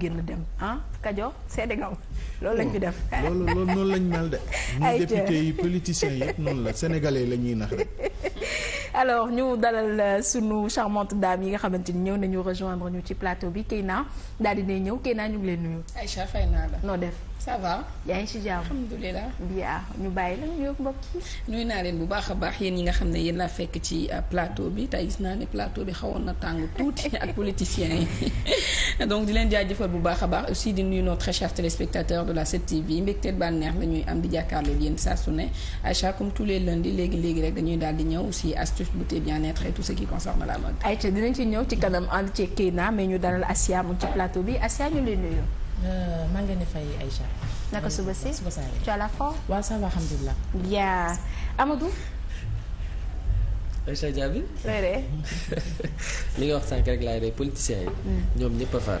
génn dem ah Kajo seede nga loolu lañ fi def. loolu loolu noonu lañ mel de. ay député yi politiciens yëpp noonu la sénégalais la ñuy nax rek. alors ñu dalal euh, sunu charmante dame yi nga xamante ni ñëw nañu rejoindre ñu ci plateau bi Keina daal di ne ñëw Keina ñu ngi leen nuyu. Aïcha fay naa la. noo def. ça va. yaa ngi ci jàmm alhamdulilah. bien ñu bàyyi la ñu naa leen bu baax a baax yéen ñi nga xam ne yéen laa fekk ci euh, plateau bi tey gis naa ne plateau bi xawoon na tàng tuuti ak politiciens yi donc di leen jaajëfal bu baax a baax aussi di nuyu nos très chers téléspectateurs de la 7TV mbégteet bànneex la ñuy am di jàkkaarloo yéen saa su ne Aïcha comme tous les lundis léegi léegi rek dañuy daal di luxe beauté bien-être et tout ce qui concerne la mode. ayca dinañ ci ñëw ci kanam ànd ci Kéna mais ñu dalal Asia mu ci plateau bi Asia ñu lay nuyu. Euh, maa ngi leen di fay Aïcha. naka suba si suba saa yi. tu as la forme. waaw ça va alhamdulilah. yaa Amadou. Aïcha Diaby. li nga wax sànq rek laay rey politiciens yi. Hmm. ñoom ñëpp a far.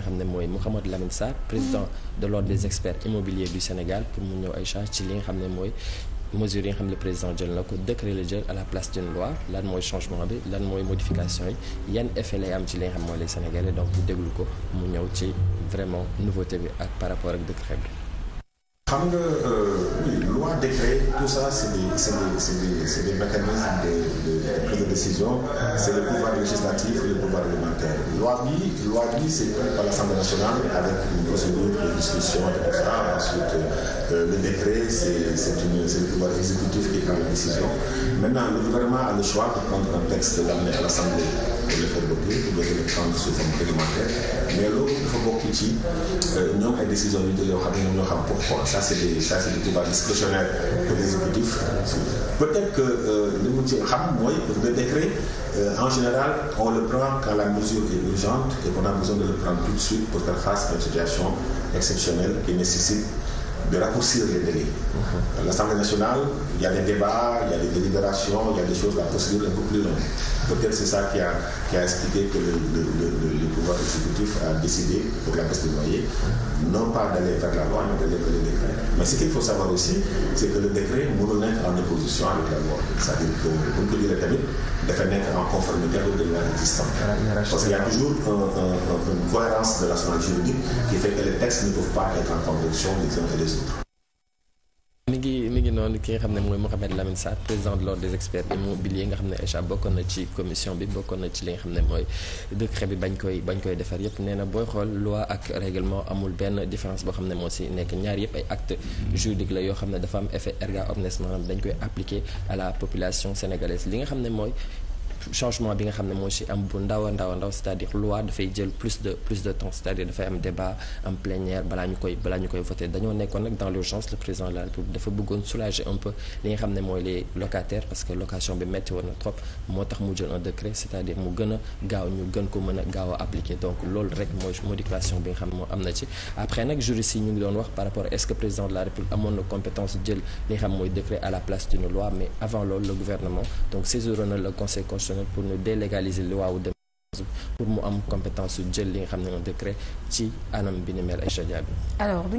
xam ne mooy Mouhamadou Lamine Sarr président de l'ordre des experts immobiliers du Sénégal pour mu ñëw ay charge ci li nga xam ne mooy mesures yi xam ne président jël na ko décret la jël à la place d'une loi lan mooy changement bi lan mooy modification yi yan effet lay am ci li nga xam mooy les Sénégalais donc ñu déglu ko mu ñëw ci vraiment nouveauté bi ak par rapport ak décret bi. xam les prises de décision c'est le pouvoir législatif et le pouvoir réglementaire loi bi loi bi c'est par l'Assemblée nationale avec une procédure de discussion et tout ça ensuite euh, le décret c'est une c'est exécutif qui prend la décision maintenant le gouvernement a le choix de prendre un l'Assemblée gën a développer pour gën a prendre sous forme réglementaire mais loolu dafa bokk ci euh, ñoom ay décisions yu jël yoo xam ne ñoom ñoo xam pourquoi ça c' est des ça c' des pouvoirs peut être que euh, li mu ci xam mooy le euh, en général on le prend quand la mesure est urgente et qu'on a besoin de le prendre tout de suite pour faire face une situation exceptionnelle qui nécessite de raccourcir les délais. À mhm. nationale, il y a des débats, il y a des délibérations, il y a des choses, la procédure a, qui que le, le, le, pouvoir exécutif a décidé pour la baisse mhm. non pas d'aller vers la loi, mais d'aller vers le décret. Mais ce qu'il faut savoir aussi, c'est que le décret mononec en opposition avec la loi. C'est-à-dire que on peut dire le en conformité avec les lois ah, Parce qu'il y a toujours un, un, une cohérence de la mi ngi mi ngi noonu ki nga xam ne mooy Mouhamed Lamine Sarr président de l'ordre des experts immobiliers nga xam ne ECHA bokkoon na ci commission bi bokkoon na ci li nga xam ne mooy décret bi bañ koy bañ koy defar yépp nee na booy xool loi ak règlement amul benn différence boo xam ne moo si nekk ñaar yépp ay acte juridique la yoo xam ne dafa am effet erga omnes maanaam dañ koy appliquer à la population sénégalaise li nga xam ne mooy changement bi nga xam ne moo ci am bu ndaw a ndaw a ndaw c'est-à-dire loi dafay jël plus de plus de temps c'est-à-dire dafay am débat en plénière balaa ñu koy balaa ñu koy voter dañoo nekkoon nag dans l'urgence le président de la République dafa bëggoon soulager un peu li nga xam ne mooy les locataires parce que location bi métti woon na trop moo tax mu jël un décret c'est-à-dire mu gën gaaw ñu gën ko mën a gaaw a donc loolu rek mooy modification moo am na ci après nag juriste yi ñu ngi doon wax constitutionnel pour ñu délégaliser li waawu dem pour mu am compétence su jël li nga xam ne décret ci anam bi ay alors du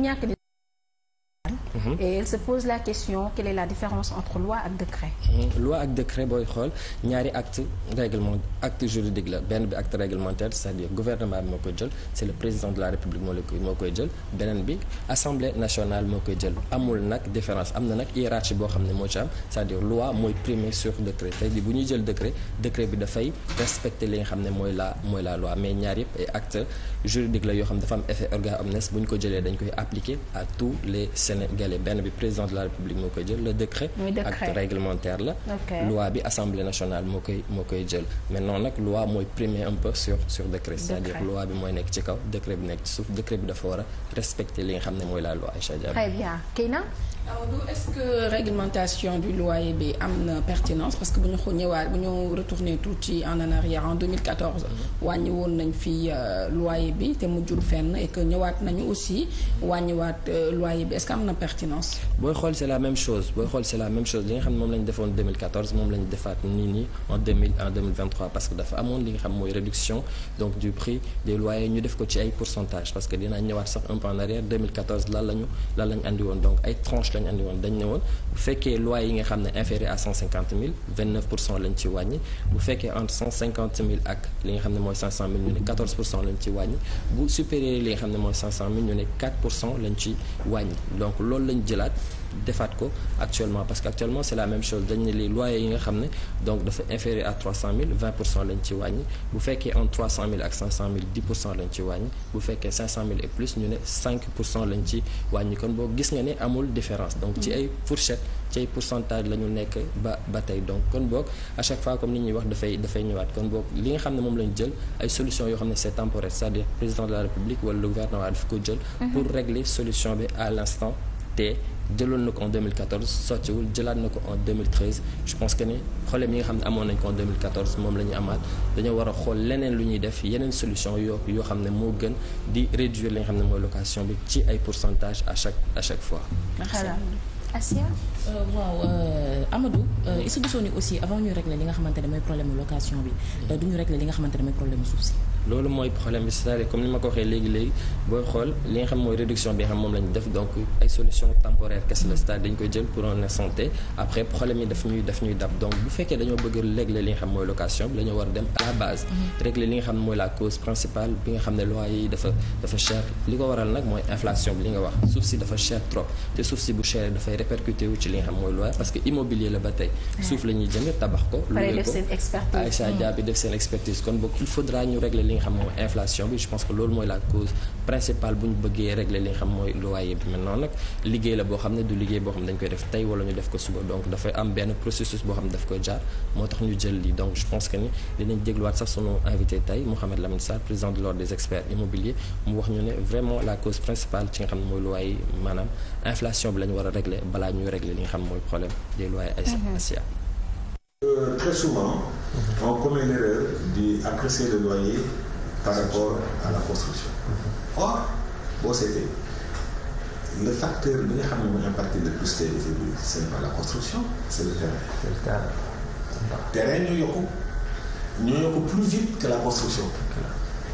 Mhm. et elle se pose la question quelle est la différence entre loi ak décret. Mhm. loi ak décret booy xool ñaari acte règlement acte juridique la benn bi acte réglementaire c'est-à-dire gouvernement bi moo koy jël c'est le président la république moo koy moo koy jël beneen bi assemblée nationale moo koy jël amul nag différence am na nag hiérarchie boo xam ne moo ci am c'est-à-dire loi mooy primer sur décret tey jii bu ñuy jël décret décret bi dafay respecter li nga xam ne mooy la mooy la loi mais ñaar yëpp ay acte juridique la yoo xam dafa am effet bu ñu ko jëlee dañ koy appliquer à tous les sénégalais benn bi président de la république moo koy jël le décret acte réglementaire la loi bi assemblée nationale moo koy moo koy jël maintenant nag loi mooy primer un peu sur sur décret cest dire loi bi mooy nekk ci kaw décret bi nekk ci suuf décret bi dafa war a respecter li nga xam ne mooy la loi Aïcha Diaby Amadou est-ce que réglementation du loyer bi am na pertinence parce que bu ñu xoo ñëwaat bu ñu retourner woon nañ fi euh, loyer bi ñëwaat nañu aussi wàññiwaat euh, loyer bi est que am na pertinence. booy xool c'est la même chose booy li nga xam ne moom lañ defoon moom lañ defaat nii nii en parce que dafa amoon li nga xam mooy réduction donc du prix des loyers ñu def ko ci ay pourcentage parce que dinaa ñëwaat sax un peu en arrière 2014 lan la ñu lan la donc ay tranches approche lañ andi woon dañ ne woon bu fekkee loyer yi nga xam ne inférieur à cent cinquante mille vingt neuf pour cent lañ ci wàññi bu fekkee entre cent cinquante mille ak li nga xam ne mooy cinq cent mille ñu ne quatorze pour cent lañ ci wàññi bu supérieur li nga xam ne mooy mille ñu ne quatre pour cent lañ ci wàññi donc loolu lañ jëlaat defaat ko actuellement parce que actuellement c'est la même chose dañ ne les loyers yi nga xam ne donc dafa inférieur à 300000 20 pour cent lañ ci wàññi bu fekkee en 300000 ak 500000 10 pour cent lañ ci wàññi bu fekkee et plus ñu ne 5 pour cent lañ ci wàññi kon boo gis nga ne amul différence donc ci ay fourchette ci ay pourcentage la ñu nekk ba ba tey donc kon boog à chaque fois comme li ñuy wax dafay dafay ñëwaat kon boog li nga xam ne moom lañ jël ay solution yoo xam ne c'est temporaire c'est-à-dire président de la mm-hmm. solution bi à l'instant te jëloon na ko en 2014 sottiwul jëlaat na ko en 2013 je pense que ne problème yi nga xam ne amoon nañ ko en 2014 moom la amaat dañoo war a xool leneen lu ñuy def yeneen solution yoo yoo xam ne moo gën di réduire li nga xam ne mooy location bi ci ay pourcentage à chaque à chaque fois. Asia. Euh, waaw euh, Amadou euh, est-ce que gisoon ni aussi avant ñuy régler li nga xamante ne problème location bi. Mm. duñu régler li nga xamante ne mooy problème suuf si. loolu mooy problème bi c'est-à-dire comme ni ma ko waxee léegi booy xool li nga xam mooy réduction bi nga xam moom la ñu def donc ay solution temporaire kese la c'est-à-dire dañ koy jël pour un instant T après problème yi daf ñuy daf ñuy dab mm-hmm. ne loyer yi dafa dafa cher mooy inflation bi li wax suuf si dafa cher trop te suuf si bu cher dafay répercuté wu ci li nga xam mooy loyer parce que immobilier la ko luye ko Aïcha Dia bi mm. def seen expertise kon boog il faudra ñu régler li nga xam moom inflation bi je pense que loolu mooy la cause principale bu ñu bëggee régler li nga xam mooy loyer bi maintenant nag liggéey la boo xam ne du liggéey boo xam ne dañ koy def tey wala ñu def ko suba donc dafay am benn processus boo xam ne daf koy jaar moo tax ñu jël lii donc je pense que ni dinañ dégluwaat sax sunu invité tey Mouhamed Lamine Sarr président de l'ordre des experts immobiliers mu wax ñu ne vraiment la cause principale ci nga war a régler on commet l'erreur d'apprécier le loyer par rapport à la construction. Or, boo seetee le facteur bi nga xam ne mooy impacté le plus tey c' est pas la construction c' est le terrain. c' est le terrain. terrain ñoo yokku ñoo yokku plus vite que la construction.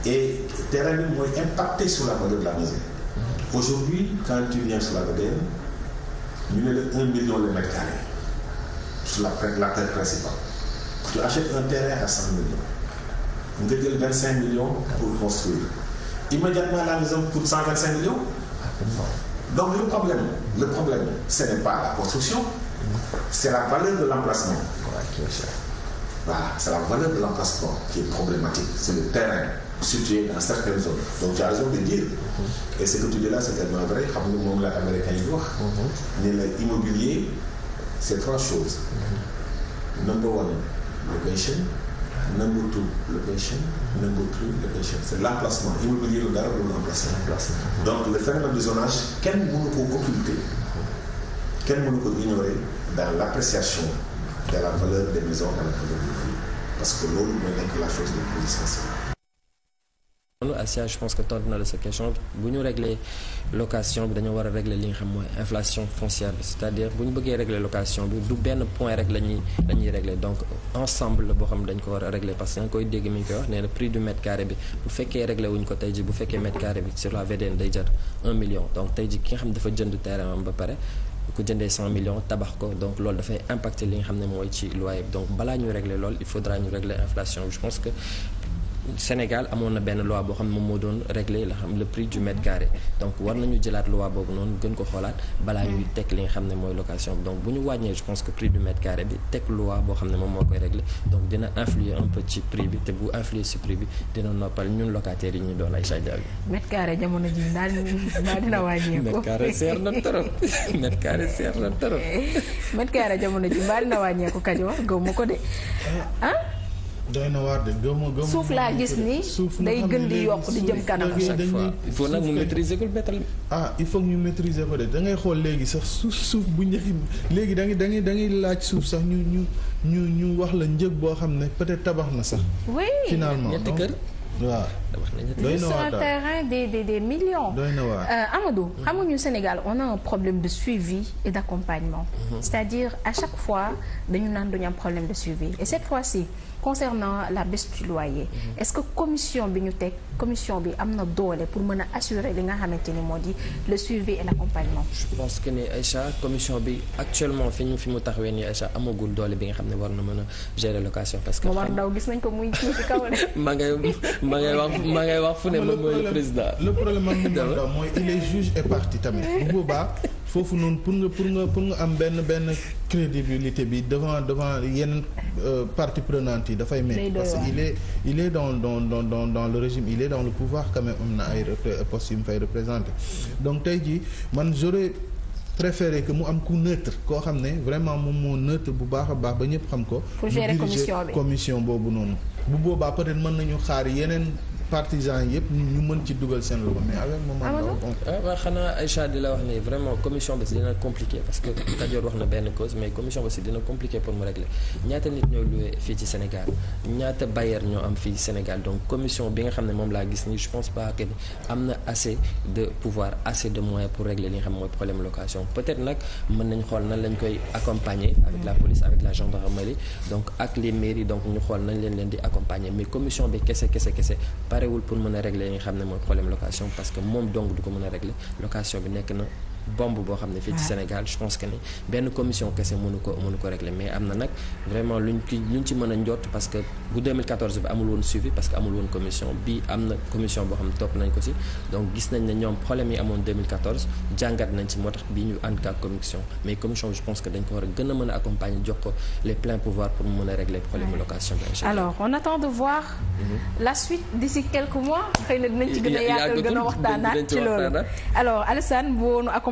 et terrain bi mooy impacté sur la valeur de la maison. aujourd'hui quand tu viens sur la VDN ñu ne la un million le mètre carré sur la la terre tu achètes un terrain à 100 millions nga jël 25 millions pour construire immédiatement la maison coûte 125 millions donc le problème le problème ce n'est pas la construction c'est la valeur de l'emplacement voilà c'est la valeur de l'emplacement qui est problématique c'est le terrain situé dans certaines zones donc tu as raison de dire et ce que tu dis là c'est tellement vrai xam nga moom la américain yi wax mhm. ne la immobilier c'est trois choses number one location number two location number three location c' est l' emplacement immobilier lu dara loolu emplacement. donc le phénomène du zonage kenn mënu ko occulter kenn mënu ko ignorer dans l' de la valeur des maisons dans la commune parce que loolu mooy la chose la plus essentielle. Aïssia je pense que tontu na la sa question bu ñu régler location bi dañoo war a régler li nga xam mooy inflation foncière bi c'est-à-dire bu ñu bëggee régler location bi du benn point rek la ñuy la ñuy régler donc ensemble la boo xam dañ ko war a régler parce que nga koy dégg fekkee régler wuñ ko tey ji bu fekkee mètre carré bi sur la VDN day jar 1 million donc tey ji ki nga xam dafa jënd terrain ba pare ku jëndee 100 tabax ko donc loolu dafay impact li nga xam ne mooy ci loyer bi donc balaa ñu régler loolu il faudra ñu régler inflation Sénégal amoon na benn loi boo xam ne moom moo doon régler la xam le prix du mètre donc war nañu jëlaat loi boobu noonu gën ko xoolaat balaa ñuy teg li nga xam ne mooy location bi donc bu ñu wàññee je pense que prix du mètre bi moo koy régler donc dina influer un peu ci prix bi te bu influer ci prix bi dina noppal ñun locataires yi ñu doon ay sadia bi mètre jamono ji daal dina wàññeeku mètre seer na trop mètre seer na trop eh, mètre jamono ji daal dina wàññeeku kajoor gëw ma ko de ah? doy na waar de gëmmu gëmmu suuf laa gis ni suuf day gën di yokk di jëm kanam à chaque fois il faut nag mu maîtriser ko bétal ah il faut ñu maîtriser ko de da ngay xool léegi sax suuf suuf bu njëkk léegi da ngay da da ngay laaj suuf sax ñu ñu ñu ñu wax la njëg boo xam ne peut-être tabax na sax finalement ñetti kër waaw doy sur un terrain des des des millions. doy na waar euh, Amadou. Mm-hmm. xamuñu Sénégal on a un problème de suivi et d'accompagnement. Mm-hmm. c'est-à-dire à chaque fois dañu naan du am problème de suivi et cette fois concernant la baisse du loyer mhm. est-ce que commission bi ñu teg commission bi am na doole pour mën a assurer li nga xamante ni moo di le suivi et l'accompagnement je pense que ni Aïcha commission bi actuellement fi mu fi mu taxawee ni Aïcha amagul doole bi nga xam ne war na mën a gérer location parce que Momar Ndao gis nañ ko muy ci kaw rek ma ngay ma ngay wax ma ngay wax fu ne moom mooy président le problème Momar Ndao mooy il est juge et partie tamit bu boobaa foofu noonu pour nga pour nga pour nga am benn benn crédibilité bi devant devant yenn euh, partie prenante yi dafay metti parce que il est il est dans dans dans dans le régime il est dans le pouvoir quand même am na ay postes yu mu fay représenté donc tey jii man j'aurais préféré que mu am ku neutre koo xam ne vraiment moom moo neutre bu baax a baax ba ñëpp xam ko pour gérer commission boobu noonu bu boobaa peut-être mën nañu xaar yeneen partisans yëpp ñu mën ci dugal seen loxo mais avec moment ah, ah, waaw xanaa Aïcha di la wax ni vraiment commission ba si dina compliqué parce que Kajoor wax na benn cause mais commission ba si dina compliqué pour mu régler ñaata nit ñoo loué fii ci Sénégal ñaata bailleur ñoo am fii Sénégal donc commission bi nga xam ne moom laa gis nii je pense pas que ni am na assez de pouvoir assez de moyens pour régler li nga xam mooy problème location peut-être nag mën nañ xool nan lañ koy accompagner avec la police avec la gendarmerie donc ak les mairies donc ñu xool nañ leen leen di accompagner mais commission bi kese kese kese parewul pour mën a régler yi nga xam ne mooy problème location parce que moom donc du ko mën a régler location bi nekk na bombe boo xam ne fii ci Sénégal je pense que ni benn commission kese mënu ko mënu ko régler mais am na nag vraiment luñ ci ci mën a njott parce que bu 2014 amul woon suivi parce que amul woon commission bi am na commission boo xam ne topp nañ ko si donc gis nañ ne ñoom problème yi amoon jàngat nañ ci moo tax bii ñu ànd commission mais commission je pense que dañ ko war a gën a mën a jox ko les pleins pouvoirs pour mu mën a régler problème location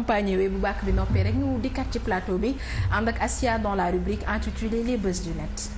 accompagné wee bu bàkk bi noppee rek ñu dikkat ci plateau bi ànd ak Asia dans la rubrique intitulée les buzz du net